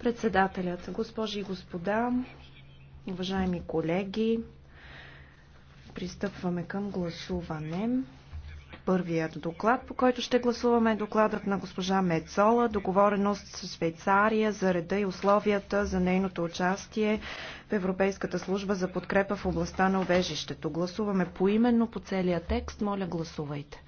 Председателят, госпожи и господа, уважаеми колеги, Пристъпваме към гласуване. Първият доклад, по който ще гласуваме е докладът на госпожа Мецола, договореност с Швейцария за реда и условията за нейното участие в Европейската служба за подкрепа в областта на обежището. Гласуваме поименно по целия текст. Моля, гласувайте.